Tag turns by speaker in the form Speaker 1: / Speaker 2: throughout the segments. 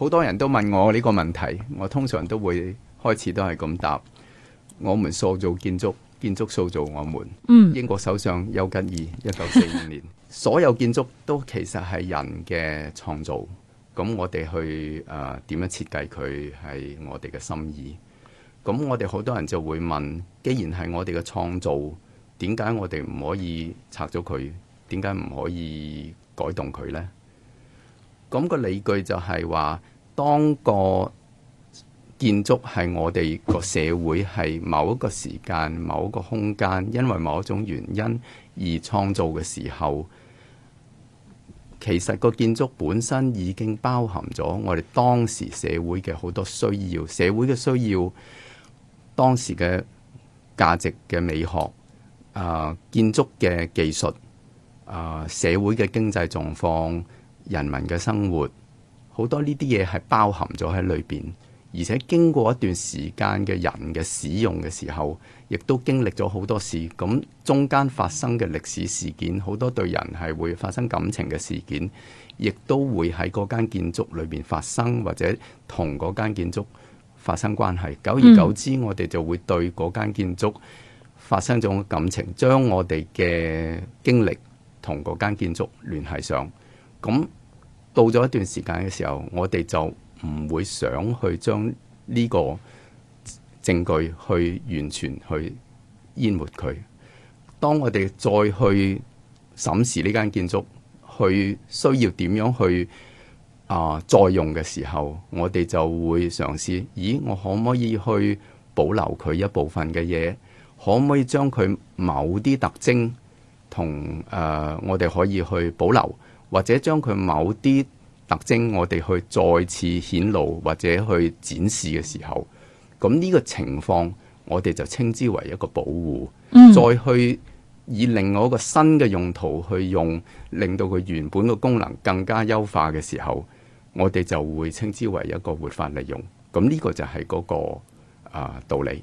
Speaker 1: 好多人都問我呢個問題，我通常都會開始都係咁答：我們塑造建築，建築塑造我們。嗯、英國首相丘吉爾一九四五年， 所有建築都其實係人嘅創造。咁我哋去誒呃點樣設計佢係我哋嘅心意。咁我哋好多人就會問：既然係我哋嘅創造，點解我哋唔可以拆咗佢？點解唔可以改動佢呢？咁個理據就係話。當個建築係我哋個社會係某一個時間，某一個空間，因為某一種原因而創造嘅時候，其實個建築本身已經包含咗我哋當時社會嘅好多需要，社會嘅需要、當時嘅價值嘅美學、啊建築嘅技術、啊社會嘅經濟狀況、人民嘅生活。好多呢啲嘢係包含咗喺裏邊，而且經過一段時間嘅人嘅使用嘅時候，亦都經歷咗好多事。咁中間發生嘅歷史事件，好多對人係會發生感情嘅事件，亦都會喺嗰間建築裏邊發生，或者同嗰間建築發生關係。久而久之，我哋就會對嗰間建築發生咗感情，將我哋嘅經歷同嗰間建築聯繫上。咁。到咗一段時間嘅時候，我哋就唔會想去將呢個證據去完全去淹沒佢。當我哋再去審視呢間建築，去需要點樣去啊再用嘅時候，我哋就會嘗試，咦，我可唔可以去保留佢一部分嘅嘢？可唔可以將佢某啲特徵同誒，我哋可以去保留？或者將佢某啲特徵，我哋去再次顯露或者去展示嘅時候，咁呢個情況，我哋就稱之為一個保護。嗯，再去以另外一個新嘅用途去用，令到佢原本嘅功能更加優化嘅時候，我哋就會稱之為一個活化利用。咁呢個就係嗰個啊道理。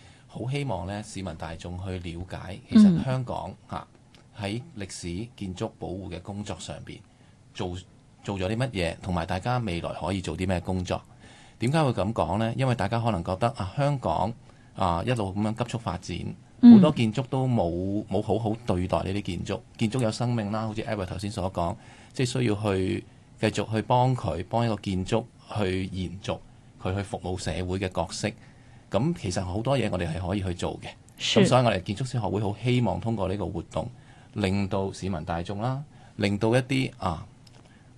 Speaker 2: 好希望咧市民大眾去了解，其實香港嚇喺歷史建築保護嘅工作上面做做咗啲乜嘢，同埋大家未來可以做啲咩工作？點解會咁講呢？因為大家可能覺得啊，香港啊一路咁樣急速發展，好多建築都冇冇好好對待呢啲建築。建築有生命啦，好似 Eric 頭先所講，即係需要去繼續去幫佢，幫一個建築去延續佢去服務社會嘅角色。咁其實好多嘢我哋係可以去做嘅，咁所以我哋建築師學會好希望通過呢個活動，令到市民大眾啦，令到一啲啊，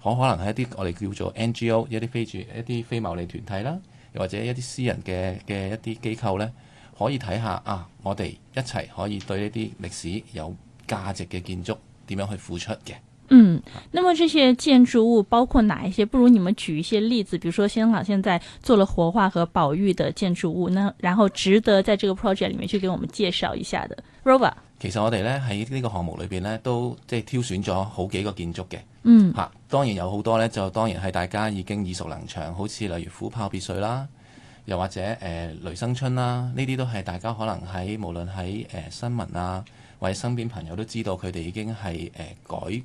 Speaker 2: 可可能係一啲我哋叫做 NGO 一啲非住一啲非牟利團體啦，又或者一啲私人嘅嘅一啲機構呢，可以睇下啊，我哋一齊可以對一啲歷史有價值嘅建築點樣去付出嘅。
Speaker 3: 嗯，那麼這些建築物包括哪一些？不如你們舉一些例子，比如說香港現在做了活化和保育的建築物，那然後值得在這個 project 裏面去給我們介紹一下的。Rover，
Speaker 2: 其實我哋咧喺呢個項目裏邊咧，都即係挑選咗好幾個建築嘅，嗯，吓，當然有好多咧，就當然係大家已經耳熟能詳，好似例如虎豹別墅啦，又或者誒、呃、雷生春啦，呢啲都係大家可能喺無論喺誒、呃、新聞啊或者身邊朋友都知道，佢哋已經係誒、呃、改。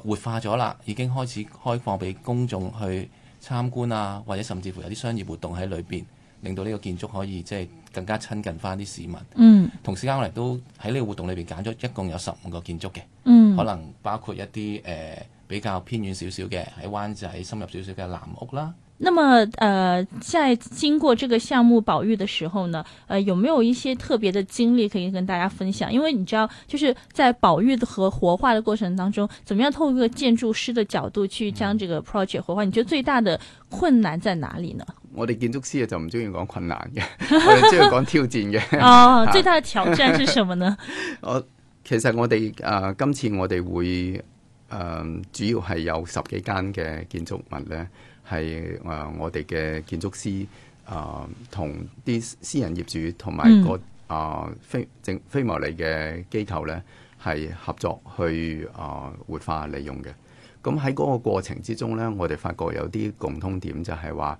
Speaker 2: 活化咗啦，已經開始開放俾公眾去參觀啊，或者甚至乎有啲商業活動喺裏邊，令到呢個建築可以即係、就是、更加親近翻啲市民。嗯，同時間我哋都喺呢個活動裏邊揀咗一共有十五個建築嘅，嗯，可能包括一啲誒、呃、比較偏遠少少嘅喺灣仔深入少少嘅藍屋啦。
Speaker 3: 那麼，誒、呃，在經過這個項目保育的時候呢，誒、呃，有沒有一些特別的經歷可以跟大家分享？因為你知道，就是在保育和活化的過程當中，怎麼樣透過建築師的角度去將這個 project 活化？你覺得最大的困難在哪裡呢？
Speaker 1: 我哋建築師就唔中意講困難嘅， 我哋中意講挑戰嘅。 哦，最大的挑戰是什麼呢？ 我其實我哋誒、呃，今次我哋會、呃、主要係有十幾間嘅建築物咧。係誒、呃，我哋嘅建築師誒、同、呃、啲私人業主同埋、那個誒、嗯呃、非政非牟利嘅機構咧，係合作去誒、呃、活化利用嘅。咁喺嗰個過程之中咧，我哋發覺有啲共通點就係，就係話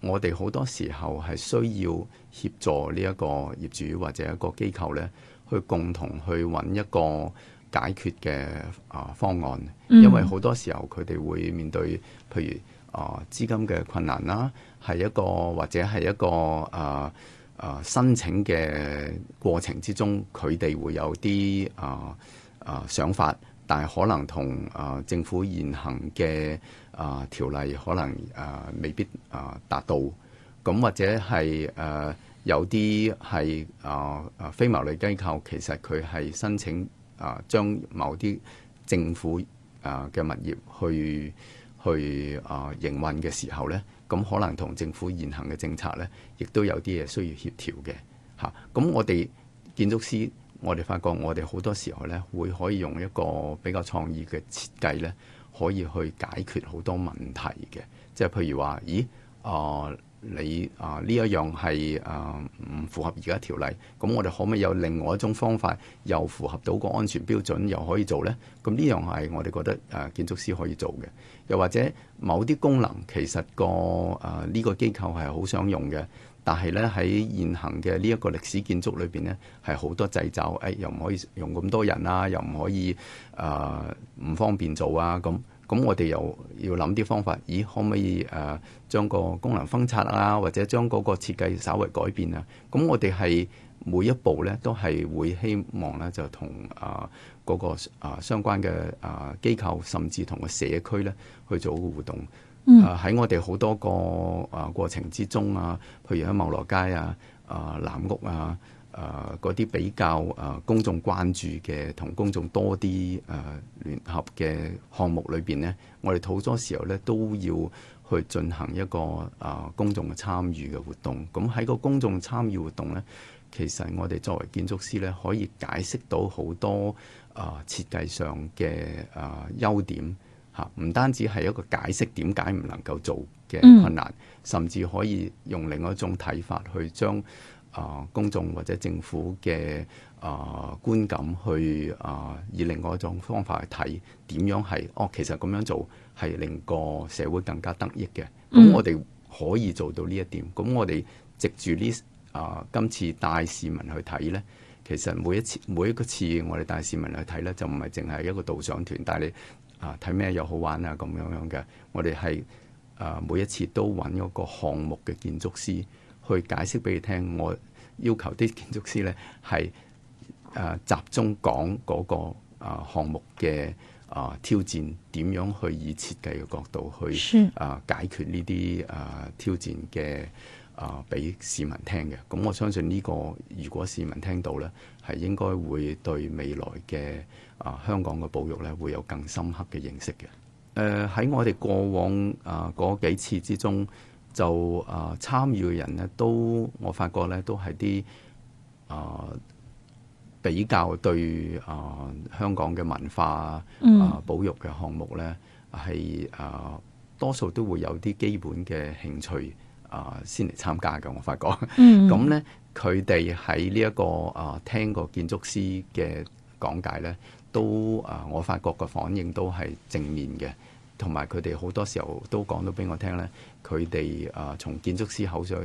Speaker 1: 我哋好多時候係需要協助呢一個業主或者一個機構咧，去共同去揾一個解決嘅誒、呃、方案。嗯、因為好多時候佢哋會面對譬如。啊，資金嘅困難啦、啊，係一個或者係一個啊啊申請嘅過程之中，佢哋會有啲啊啊想法，但係可能同啊政府現行嘅啊條例可能啊未必啊達到，咁或者係誒、啊、有啲係啊啊非牟利機構，其實佢係申請啊將某啲政府啊嘅物業去。去啊、呃、營運嘅時候呢，咁可能同政府現行嘅政策呢，亦都有啲嘢需要協調嘅吓。咁、啊、我哋建築師，我哋發覺我哋好多時候呢，會可以用一個比較創意嘅設計呢，可以去解決好多問題嘅。即係譬如話，咦啊～、呃你啊呢一樣係誒唔符合而家條例，咁我哋可唔可以有另外一種方法，又符合到個安全標準，又可以做呢？咁呢樣係我哋覺得誒建築師可以做嘅，又或者某啲功能其實個誒呢、啊呢個機構係好想用嘅，但係呢，喺現行嘅呢一個歷史建築裏面呢，係好多製造，誒、哎、又唔可以用咁多人啊，又唔可以誒唔、啊、方便做啊咁。咁我哋又要諗啲方法，咦？可唔可以誒將個功能分拆啊？或者將嗰個設計稍為改變啊？咁我哋係每一步咧，都係會希望咧，就同啊嗰個啊相關嘅啊機構，甚至同個社區咧，去做個互動。嗯，喺我哋好多個啊過程之中啊，譬如喺茂蘿街啊、啊藍屋啊。誒嗰啲比較誒、呃、公眾關注嘅同公眾多啲誒、呃、聯合嘅項目裏邊呢，我哋好多時候呢都要去進行一個誒、呃、公眾嘅參與嘅活動。咁喺個公眾參與活動呢，其實我哋作為建築師呢，可以解釋到好多誒、呃、設計上嘅誒、呃、優點吓，唔單止係一個解釋點解唔能夠做嘅困難，mm. 甚至可以用另外一種睇法去將。啊！公眾或者政府嘅啊、呃、觀感去，去、呃、啊以另外一種方法去睇，點樣係哦？其實咁樣做係令個社會更加得益嘅。咁、嗯、我哋可以做到呢一點，咁我哋藉住呢啊今次帶市民去睇咧，其實每一次每一個次我哋帶市民去睇咧，就唔係淨係一個導賞團帶你啊睇咩又好玩啊咁樣樣嘅。我哋係啊每一次都揾一個項目嘅建築師去解釋俾你聽。我。要求啲建築師呢係誒、啊、集中講嗰個啊項目嘅啊挑戰，點樣去以設計嘅角度去啊解決呢啲啊挑戰嘅啊俾市民聽嘅。咁我相信呢個如果市民聽到呢，係應該會對未來嘅啊香港嘅保育呢會有更深刻嘅認識嘅。誒、啊、喺我哋過往啊嗰幾次之中。就啊、呃，參與嘅人咧，都我發覺咧，都係啲啊比較對啊、呃、香港嘅文化啊、呃、保育嘅項目咧，係、嗯、啊、呃、多數都會有啲基本嘅興趣啊、呃，先嚟參加嘅。我發覺，咁咧佢哋喺呢一、這個啊、呃、聽過建築師嘅講解咧，都啊、呃、我發覺個反應都係正面嘅。同埋佢哋好多時候都講到俾我聽呢，佢哋啊從建築師口上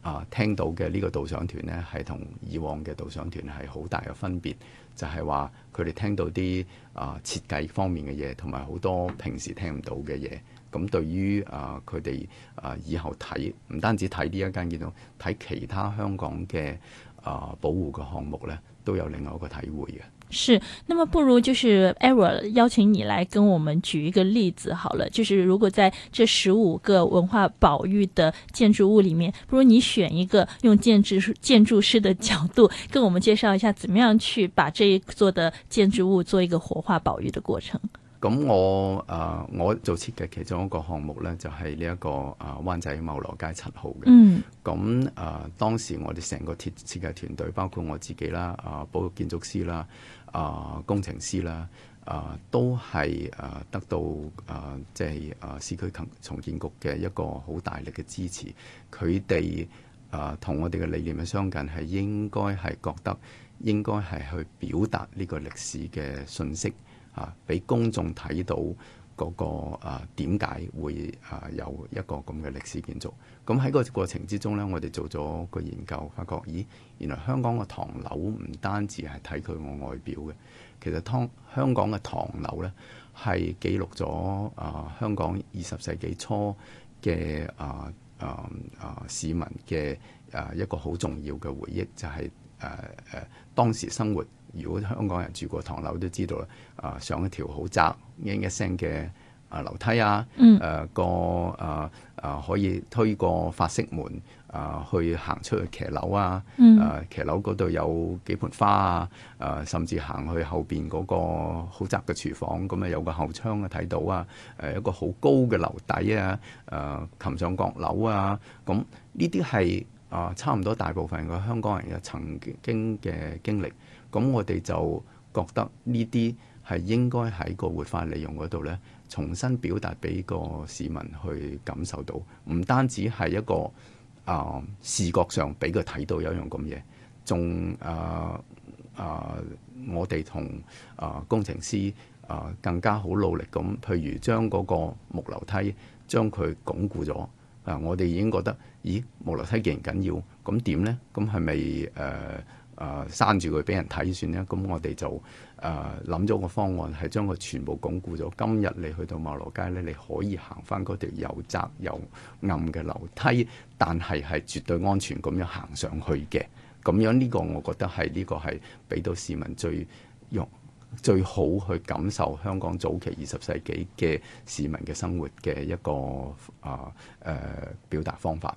Speaker 1: 啊聽到嘅呢個導賞團呢，係同以往嘅導賞團係好大嘅分別，就係話佢哋聽到啲啊設計方面嘅嘢，同埋好多平時聽唔到嘅嘢。咁對於啊佢哋啊以後睇，唔單止睇呢一間建築，睇其他香港嘅啊保護嘅項目呢，都有另外一個體會嘅。
Speaker 3: 是，那麼不如就是 Eric 邀請你來跟我們舉一個例子好了，就是如果在這十五個文化保育的建築物裏面，不如你選一個用建築建築師的角度跟我們介紹一下，怎麼樣去把這一座的建築物做一個活化保育的過程。
Speaker 1: 咁我誒、呃，我做設計其中一個項目呢，就係呢一個誒灣仔茂蘿街七號嘅。嗯。咁、呃、當時我哋成個設設計團隊，包括我自己啦，啊，保育建築師啦。啊，工程師啦，啊，都係啊，得到啊，即係啊，市區重建局嘅一個好大力嘅支持。佢哋啊，同我哋嘅理念係相近，係應該係覺得應該係去表達呢個歷史嘅信息啊，俾公眾睇到。嗰個誒點解會誒有一個咁嘅歷史建築？咁喺個過程之中呢，我哋做咗個研究，發覺咦，原來香港嘅唐樓唔單止係睇佢個外表嘅，其實唐香港嘅唐樓呢，係記錄咗誒香港二十世紀初嘅誒誒誒市民嘅誒一個好重要嘅回憶，就係誒誒當時生活。如果香港人住過唐樓都知道啦，啊上一條好窄、o 一聲嘅啊樓梯啊，誒、嗯啊、個誒誒、啊、可以推個法式門啊，去行出去騎樓啊，誒、啊、騎樓嗰度有幾盆花啊，誒、啊、甚至行去後邊嗰個好窄嘅廚房，咁啊有個後窗啊睇到啊，誒一個好高嘅樓底啊，誒擒上閣樓啊，咁呢啲係啊差唔多大部分嘅香港人嘅曾經嘅經歷。咁我哋就覺得呢啲係應該喺個活化利用嗰度呢，重新表達俾個市民去感受到，唔單止係一個啊、呃、視覺上俾佢睇到有一樣咁嘢，仲啊啊我哋同啊工程師啊、呃、更加好努力咁，譬如將嗰個木樓梯將佢鞏固咗啊、呃，我哋已經覺得咦木樓梯既然緊要，咁點呢？咁係咪誒？呃誒閂住佢俾人睇算啦。咁我哋就誒諗咗個方案，係將佢全部鞏固咗。今日你去到茂蘿街咧，你可以行翻嗰條又窄又暗嘅樓梯，但係係絕對安全咁樣行上去嘅。咁樣呢個我覺得係呢、這個係俾到市民最用最好去感受香港早期二十世紀嘅市民嘅生活嘅一個啊誒表達方法。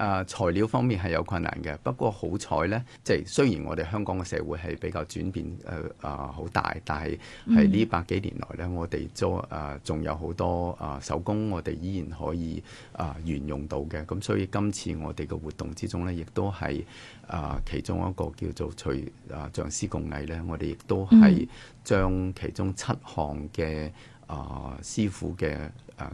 Speaker 1: 啊，材料方面係有困難嘅，不過好彩呢，即係雖然我哋香港嘅社會係比較轉變，誒啊好大，但係喺呢百幾年來呢，我哋做啊仲有好多啊手工，我哋依然可以啊沿用到嘅。咁所以今次我哋嘅活動之中呢，亦都係啊其中一個叫做除啊匠師共藝呢，我哋亦都係將其中七項嘅啊師傅嘅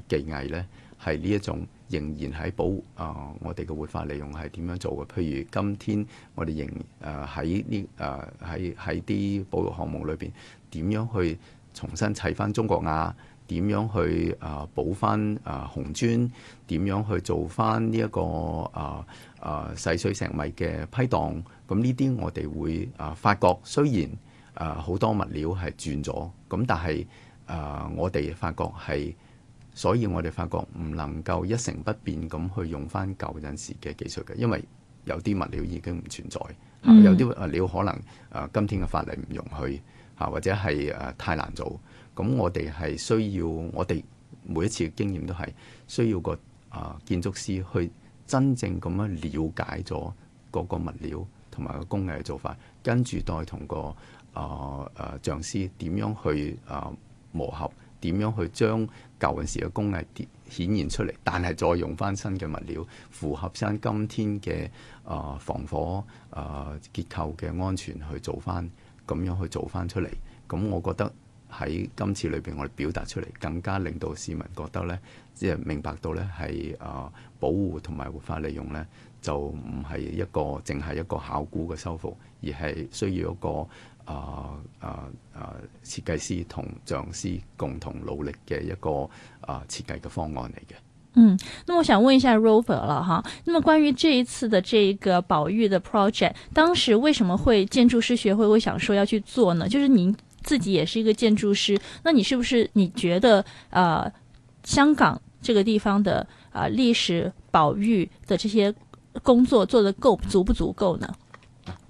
Speaker 1: 技藝呢。係呢一種仍然喺保啊！我哋嘅活化利用係點樣做嘅？譬如今天我哋仍誒喺呢誒喺喺啲保育項目裏邊，點樣去重新砌翻中國瓦？點樣去誒、呃、補翻誒、呃、紅磚？點樣去做翻呢一個誒誒、呃呃、細碎石米嘅批檔？咁呢啲我哋會誒發覺，雖然誒好多物料係轉咗，咁但係誒、呃、我哋發覺係。所以我哋發覺唔能夠一成不變咁去用返舊陣時嘅技術嘅，因為有啲物料已經唔存在，有啲物料可能誒今天嘅法例唔容許吓，或者係誒太難做。咁我哋係需要我哋每一次嘅經驗都係需要個啊建築師去真正咁樣了解咗嗰個物料同埋個工藝嘅做法，跟住再同個啊誒匠師點樣去啊磨合，點樣去將，舊陣時嘅工藝顯現出嚟，但係再用翻新嘅物料，符合翻今天嘅啊防火啊結構嘅安全，去做翻咁樣去做翻出嚟。咁我覺得喺今次裏邊，我哋表達出嚟，更加令到市民覺得呢，即係明白到呢係啊保護同埋活化利用呢，就唔係一個淨係一個考古嘅修復，而係需要一個。啊啊啊！設、啊、計師同匠師共同努力嘅一個啊設計嘅方案嚟嘅。嗯，
Speaker 3: 咁我想問一下 Robert 啦，哈，咁啊關於這一次的這個保育的 project，當時為什麼會建築師學會會想說要去做呢？就是您自己也是一個建築師，那你是不是你覺得啊、呃、香港這個地方的啊歷、呃、史保育的這些工作做得夠足不足夠呢？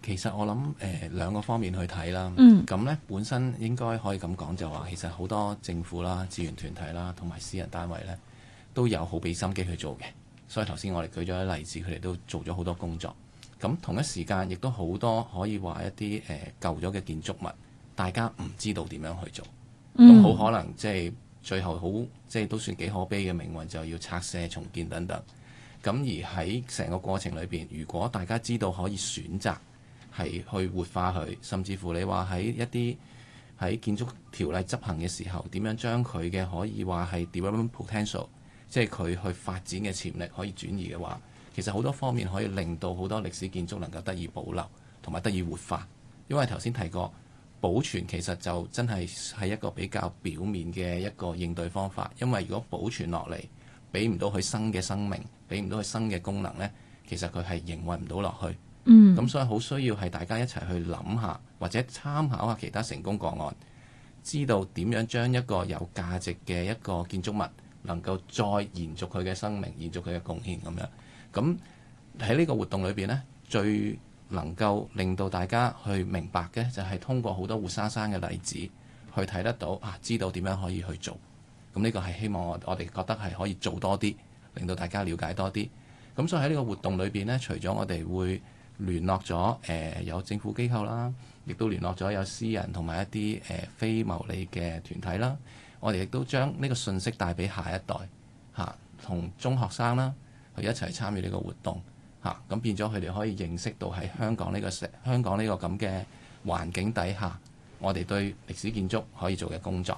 Speaker 2: 其實我諗誒、呃、兩個方面去睇啦，咁、嗯、咧本身應該可以咁講就話，其實好多政府啦、志願團體啦、同埋私人單位咧，都有好俾心機去做嘅。所以頭先我哋舉咗一例子，佢哋都做咗好多工作。咁同一時間，亦都好多可以話一啲誒、呃、舊咗嘅建築物，大家唔知道點樣去做，好、嗯、可能即係最後好即係都算幾可悲嘅命運，就要拆卸重建等等。咁而喺成個過程裏邊，如果大家知道可以選擇，係去活化佢，甚至乎你話喺一啲喺建築條例執行嘅時候，點樣將佢嘅可以話係 development potential，即係佢去發展嘅潛力可以轉移嘅話，其實好多方面可以令到好多歷史建築能夠得以保留同埋得以活化。因為頭先提過，保存其實就真係係一個比較表面嘅一個應對方法。因為如果保存落嚟，俾唔到佢新嘅生命，俾唔到佢新嘅功能呢，其實佢係營運唔到落去。嗯，咁所以好需要係大家一齊去諗下，或者參考下其他成功個案，知道點樣將一個有價值嘅一個建築物，能夠再延續佢嘅生命，延續佢嘅貢獻咁樣。咁喺呢個活動裏邊咧，最能夠令到大家去明白嘅，就係通過好多活生生嘅例子，去睇得到啊，知道點樣可以去做。咁呢個係希望我我哋覺得係可以做多啲，令到大家了解多啲。咁所以喺呢個活動裏邊咧，除咗我哋會。聯絡咗誒，有政府機構啦，亦都聯絡咗有私人同埋一啲誒非牟利嘅團體啦。我哋亦都將呢個信息，帶俾下一代吓同中學生啦，去一齊參與呢個活動吓，咁變咗佢哋可以認識到喺香港呢個社香港呢個咁嘅環境底下，我哋對歷史建築可以做嘅工作。